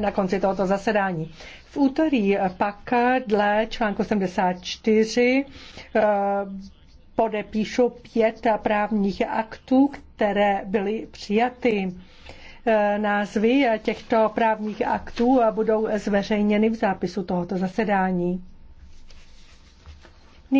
na konci tohoto zasedání. V úterý pak dle článku 74 eh, podepíšu pět právních aktů, které byly přijaty. Eh, názvy těchto právních aktů budou zveřejněny v zápisu tohoto zasedání.